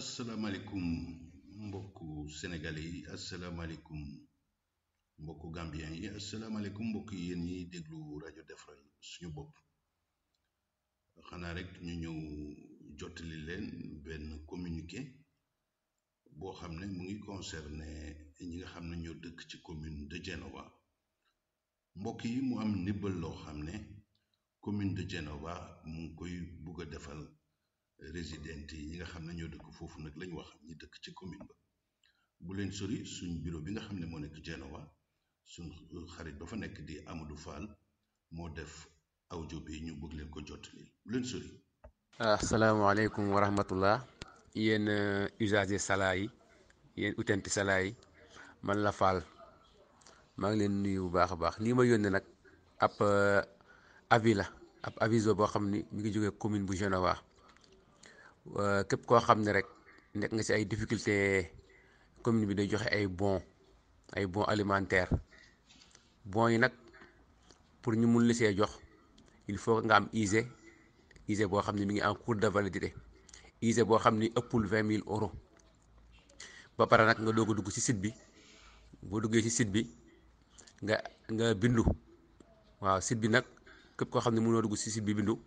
asalaamaaleykum mbokk sénégalais yi asalaamaaleykum mbokku mbokk yi asalaamaaleykum mbokk yéen ñiy déglu rajo defaral suñu bopp xanaa rek ñu ñëw jottali leen benn communiqué boo xam ne mu ngi concerné ñi nga xam ne ñoo dëkk ci commune de Genova mbokk yi mu am ndimbal loo xam ne commune de Genova mu ngi koy bugg a defal résidents yi ñi nga xam ne ñoo dëkk foofu nag lañu wax ñu dëkk ci commune ba bu leen sori suñ bureau bi nga xam ne moo nekk Genova suñ euh, xarit ba fa nekk di Amadou Fall moo def aw audio bi ñu bëgg leen ko jottali bu leen sori. asalaamaaleykum wa rahmatullah yéen euh, usager Sala yi yéen utenti Sala yi man la Fall maa ngi leen nuyu bu baax a baax lii ma yónnee nag ab euh, avis la ab aviso boo xam ni mi ngi jógee commune bu Genova. Euh, képp koo xam ne rek nekk nga si ay difficulté commune bi day joxe ay bon ay bon alimentaire bon yi nag pour ñu mun li see jox il faut nga am ISE ISE boo xam ne mi ngi en cours de validité ISE boo xam ni ëppul vingt mille euros ba pare nag nga doog a dugg ci site bi boo duggee ci site bi nga nga bindu waaw site bi nag képp koo xam ne mënoo dugg ci site bi bindu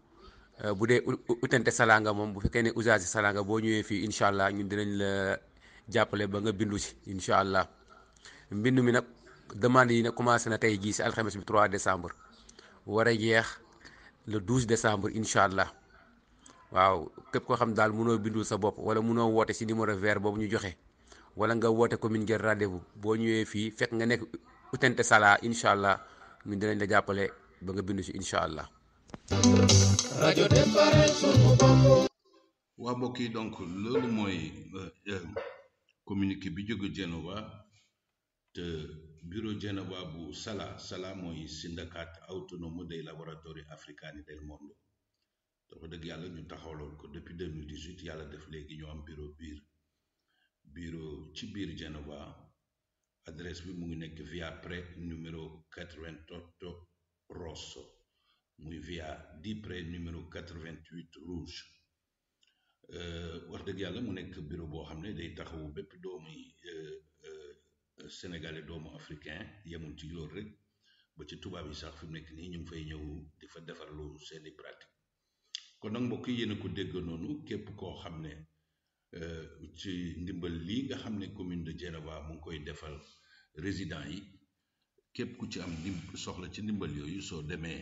Euh, bu dee utente nga moom bu fekkee ne usage salanga boo ñëwee fii allah ñun dinañ la jàppale ba nga bindu ci incha allah mbindu mi nag demande yi nag commencé na tey jii ci alxames bi 3 décembre war a jeex le 12 décembre incha allah waaw képp koo xam daal mënoo bindul sa bopp wala mënoo woote ci numéro vert boobu ñu joxe wala nga woote commune ngeen rendez-vous boo ñëwee fii fekk nga nekk utente sala incha allah ñun dinañ la jàppale ba nga bindu si incha allah. rajo Déparé sunu bopp. waa mbokk yi donc loolu mooy euh, euh, communiqué bi jóge Genova te bureau Genova bu Sala Sala mooy syndicat autonome des laboratori africani del mondo dafa dëgg yàlla ñu taxawloon ko depuis 2018 yàlla def léegi ñoo am bureau biir bureau ci biir Genova adresse bi mu ngi nekk via pré numéro 83 Rosso. um di DIPRE numéro 88 rouge euh, wax deug yàlla mu nekk bureau boo xam ne day taxaw bépp doomu euh, euh, sénégalais doomu africain yamul ci loolu rek ba ci tubaab yi sax fi mu nekk nii ñu ngi fay ñëw di fa defarlu seen i pratique kon nag mbokk yi yéen ko dégg noonu képp koo xam ne ci ndimbal lii nga xam commune de Genova mu koy defal résident yi képp ku ci am soxla ci ndimbal yooyu soo demee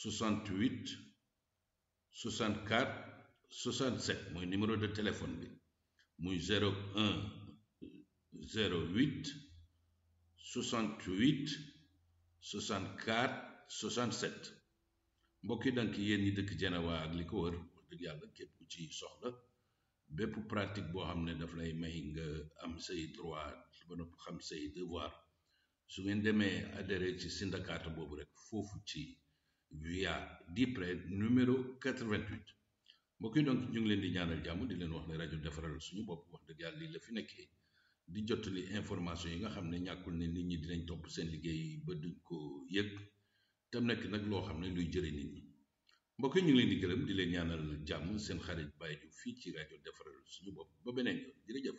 68 64 67 mon numéro de téléphone bi 01 08 68 64 67 mbokk yi donc yéen ñi dëkk Genova ak li ko wër dëgg képp ci soxla bépp pratique boo xam ne daf lay may nga am say droit ba nopp xam say devoir su ngeen demee adhéré ci syndicat boobu rek ci via di près numéro 88 mbokk yi donc ñu ngi leen di ñaanal jàmm di leen wax ne rajo defaral suñu bopp wax dëgg yàlla lii la fi nekkee di jotali information yi nga xam ne ni ne nit ñi dinañ topp seen liggéey ba duñ ko yëg tam nekk nag loo xam ne luy jëri nit ñi mbokk ñu ngi leen di gërëm di leen ñaanal jàmm seen xarit bàyyi fii ci rajo defaral suñu bopp ba beneen yoon jërëjëf